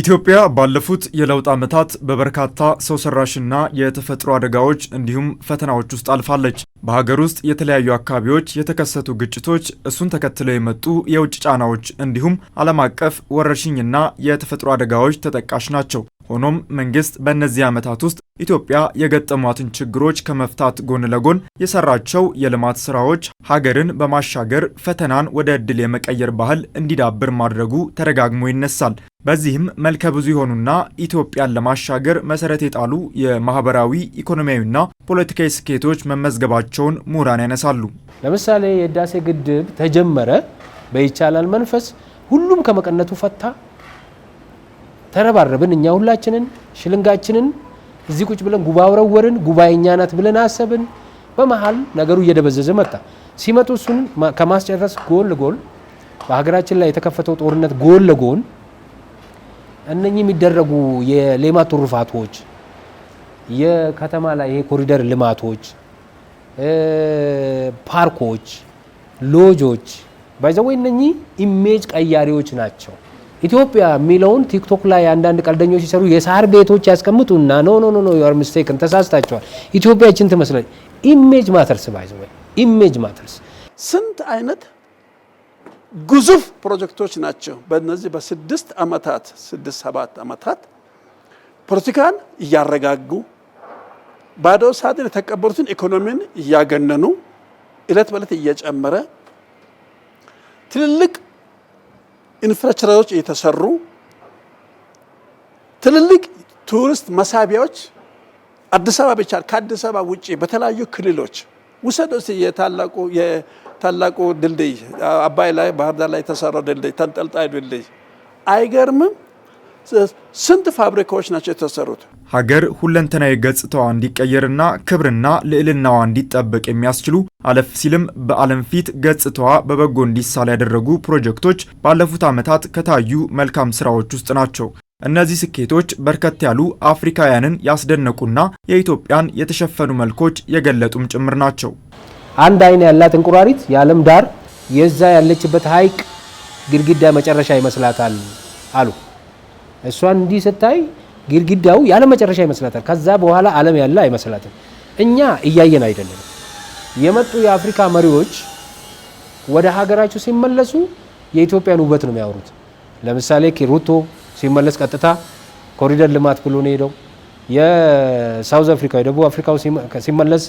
ኢትዮጵያ ባለፉት የለውጥ ዓመታት በበርካታ ሰው ሰራሽና የተፈጥሮ አደጋዎች እንዲሁም ፈተናዎች ውስጥ አልፋለች። በሀገር ውስጥ የተለያዩ አካባቢዎች የተከሰቱ ግጭቶች፣ እሱን ተከትለው የመጡ የውጭ ጫናዎች እንዲሁም ዓለም አቀፍ ወረርሽኝና የተፈጥሮ አደጋዎች ተጠቃሽ ናቸው። ሆኖም መንግስት በእነዚህ ዓመታት ውስጥ ኢትዮጵያ የገጠሟትን ችግሮች ከመፍታት ጎን ለጎን የሰራቸው የልማት ስራዎች ሀገርን በማሻገር ፈተናን ወደ እድል የመቀየር ባህል እንዲዳብር ማድረጉ ተደጋግሞ ይነሳል። በዚህም መልከ ብዙ የሆኑና ኢትዮጵያን ለማሻገር መሰረት የጣሉ የማህበራዊ ኢኮኖሚያዊና ፖለቲካዊ ስኬቶች መመዝገባቸውን ምሁራን ያነሳሉ። ለምሳሌ የህዳሴ ግድብ ተጀመረ በይቻላል መንፈስ ሁሉም ከመቀነቱ ፈታ ተረባረብን። እኛ ሁላችንን ሽልንጋችንን እዚህ ቁጭ ብለን ጉባ ወረወርን። ጉባኤኛ ናት ብለን አሰብን። በመሀል ነገሩ እየደበዘዘ መጣ። ሲመጡ እሱን ከማስጨረስ ጎን ለጎን በሀገራችን ላይ የተከፈተው ጦርነት ጎን ለጎን እነኚህ የሚደረጉ የሌማት ትሩፋቶች የከተማ ላይ ይሄ ኮሪደር ልማቶች፣ ፓርኮች፣ ሎጆች ባይዘወይ እነኚህ ኢሜጅ ቀያሪዎች ናቸው። ኢትዮጵያ የሚለውን ቲክቶክ ላይ አንዳንድ ቀልደኞች ሲሰሩ የሳር ቤቶች ያስቀምጡና ኖ ኖ ኖ ዩአር ሚስቴክን ተሳስታቸዋል። ኢትዮጵያችን ትመስላል። ኢሜጅ ማተርስ ባይዘ ወይ ኢሜጅ ማተርስ። ስንት አይነት ግዙፍ ፕሮጀክቶች ናቸው በእነዚህ በስድስት ዓመታት ስድስት ሰባት ዓመታት ፖለቲካን እያረጋጉ ባዶ ሰዓትን የተቀበሉትን ኢኮኖሚን እያገነኑ እለት በለት እየጨመረ ትልልቅ ኢንፍራስትራክቸሮች እየተሰሩ ትልልቅ ቱሪስት መሳቢያዎች አዲስ አበባ ብቻ ከአዲስ አበባ ውጭ በተለያዩ ክልሎች ውሰዶ የታላቁ የታላቁ ድልድይ አባይ ላይ ባህር ዳር ላይ የተሰራው ድልድይ ተንጠልጣይ ድልድይ አይገርምም? ስንት ፋብሪካዎች ናቸው የተሰሩት? ሀገር ሁለንተናዊ ገጽታዋ እንዲቀየርና ክብርና ልዕልናዋ እንዲጠበቅ የሚያስችሉ አለፍ ሲልም በዓለም ፊት ገጽታዋ በበጎ እንዲሳል ያደረጉ ፕሮጀክቶች ባለፉት ዓመታት ከታዩ መልካም ስራዎች ውስጥ ናቸው። እነዚህ ስኬቶች በርከት ያሉ አፍሪካውያንን ያስደነቁና የኢትዮጵያን የተሸፈኑ መልኮች የገለጡም ጭምር ናቸው። አንድ አይን ያላት እንቁራሪት የዓለም ዳር የዛ ያለችበት ሐይቅ ግድግዳ መጨረሻ ይመስላታል አሉ። እሷን እንዲህ ስታይ ግድግዳው ያለ መጨረሻ ይመስላታል። ከዛ በኋላ ዓለም ያለ አይመስላትም። እኛ እያየን አይደለም። የመጡ የአፍሪካ መሪዎች ወደ ሀገራቸው ሲመለሱ የኢትዮጵያን ውበት ነው የሚያወሩት። ለምሳሌ ሩቶ ሲመለስ ቀጥታ ኮሪደር ልማት ብሎ ነው ሄደው። የሳውዝ አፍሪካ የደቡብ አፍሪካው ሲመለስ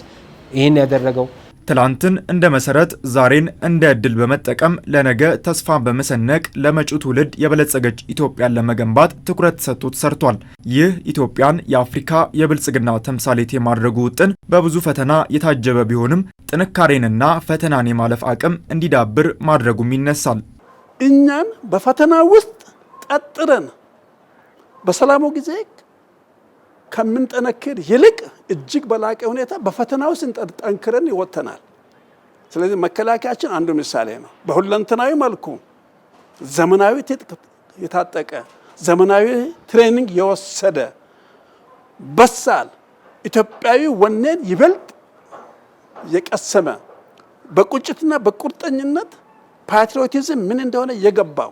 ይህን ያደረገው ትላንትን እንደ መሰረት ዛሬን እንደ እድል በመጠቀም ለነገ ተስፋን በመሰነቅ ለመጪው ትውልድ የበለጸገች ኢትዮጵያን ለመገንባት ትኩረት ሰጥቶት ሰርቷል። ይህ ኢትዮጵያን የአፍሪካ የብልጽግና ተምሳሌት የማድረጉ ውጥን በብዙ ፈተና የታጀበ ቢሆንም ጥንካሬንና ፈተናን የማለፍ አቅም እንዲዳብር ማድረጉም ይነሳል። እኛን በፈተና ውስጥ ጠጥረን በሰላሙ ጊዜ ከምንጠነክር ይልቅ እጅግ በላቀ ሁኔታ በፈተናው ስንጠንክረን ይወጥተናል። ስለዚህ መከላከያችን አንዱ ምሳሌ ነው። በሁለንተናዊ መልኩ ዘመናዊ ትጥቅ የታጠቀ ዘመናዊ ትሬኒንግ የወሰደ በሳል ኢትዮጵያዊ ወኔን ይበልጥ የቀሰመ በቁጭትና በቁርጠኝነት ፓትሪዮቲዝም ምን እንደሆነ የገባው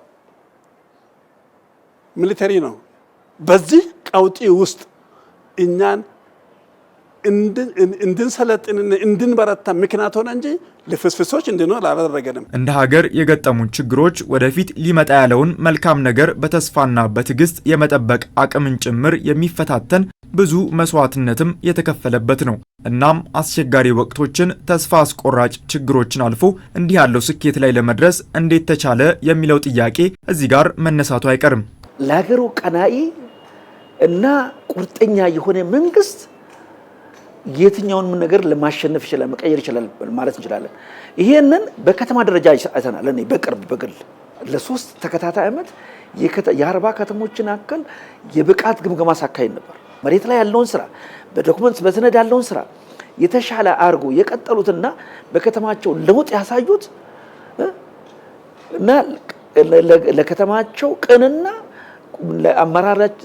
ሚሊተሪ ነው። በዚህ ቀውጢ ውስጥ እኛን እንድንሰለጥንና እንድንበረታ ምክንያት ሆነ እንጂ ልፍስፍሶች እንድንሆን አላደረገንም። እንደ ሀገር የገጠሙን ችግሮች ወደፊት ሊመጣ ያለውን መልካም ነገር በተስፋና በትዕግስት የመጠበቅ አቅምን ጭምር የሚፈታተን ብዙ መስዋዕትነትም የተከፈለበት ነው። እናም አስቸጋሪ ወቅቶችን፣ ተስፋ አስቆራጭ ችግሮችን አልፎ እንዲህ ያለው ስኬት ላይ ለመድረስ እንዴት ተቻለ የሚለው ጥያቄ እዚህ ጋር መነሳቱ አይቀርም። ለሀገሩ ቀናኢ እና ቁርጠኛ የሆነ መንግስት የትኛውንም ነገር ለማሸነፍ ይችላል፣ መቀየር ይችላል ማለት እንችላለን። ይሄንን በከተማ ደረጃ አይተናል። እኔ በቅርብ በግል ለሶስት ተከታታይ ዓመት የአርባ ከተሞችን አካል የብቃት ግምገማ ሳካሄድ ነበር። መሬት ላይ ያለውን ስራ በዶክመንት በሰነድ ያለውን ስራ የተሻለ አድርጎ የቀጠሉትና በከተማቸው ለውጥ ያሳዩት እና ለከተማቸው ቅንና አመራራች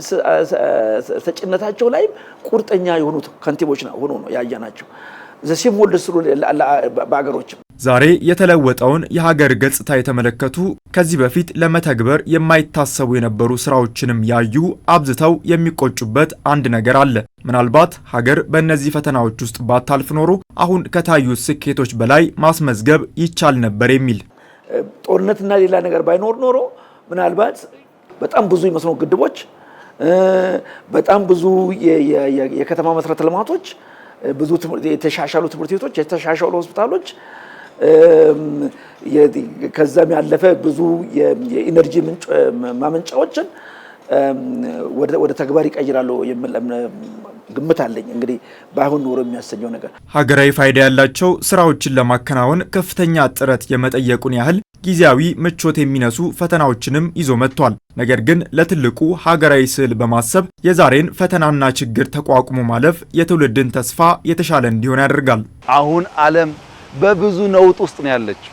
ሰጭነታቸው ላይም ቁርጠኛ የሆኑት ከንቲቦች ሆኖ ነው ያየናቸው። ዘሲሞልድ ስሉ በሀገሮችም ዛሬ የተለወጠውን የሀገር ገጽታ የተመለከቱ ከዚህ በፊት ለመተግበር የማይታሰቡ የነበሩ ስራዎችንም ያዩ አብዝተው የሚቆጩበት አንድ ነገር አለ። ምናልባት ሀገር በእነዚህ ፈተናዎች ውስጥ ባታልፍ ኖሮ አሁን ከታዩት ስኬቶች በላይ ማስመዝገብ ይቻል ነበር የሚል ጦርነትና ሌላ ነገር ባይኖር ኖሮ ምናልባት በጣም ብዙ የመስኖ ግድቦች፣ በጣም ብዙ የከተማ መሰረተ ልማቶች፣ ብዙ የተሻሻሉ ትምህርት ቤቶች፣ የተሻሻሉ ሆስፒታሎች፣ ከዛም ያለፈ ብዙ የኢነርጂ ማመንጫዎችን ወደ ተግባር ይቀይራሉ ግምት አለኝ። እንግዲህ በአሁን ኑሮ የሚያሰኘው ነገር ሀገራዊ ፋይዳ ያላቸው ስራዎችን ለማከናወን ከፍተኛ ጥረት የመጠየቁን ያህል ጊዜያዊ ምቾት የሚነሱ ፈተናዎችንም ይዞ መጥቷል። ነገር ግን ለትልቁ ሀገራዊ ስዕል በማሰብ የዛሬን ፈተናና ችግር ተቋቁሞ ማለፍ የትውልድን ተስፋ የተሻለ እንዲሆን ያደርጋል። አሁን ዓለም በብዙ ነውጥ ውስጥ ነው ያለችው።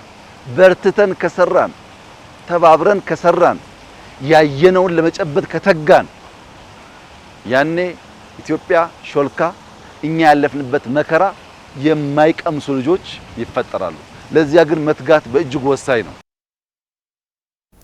በርትተን ከሰራን፣ ተባብረን ከሰራን፣ ያየነውን ለመጨበጥ ከተጋን ያኔ ኢትዮጵያ ሾልካ እኛ ያለፍንበት መከራ የማይቀምሱ ልጆች ይፈጠራሉ። ለዚያ ግን መትጋት በእጅጉ ወሳኝ ነው።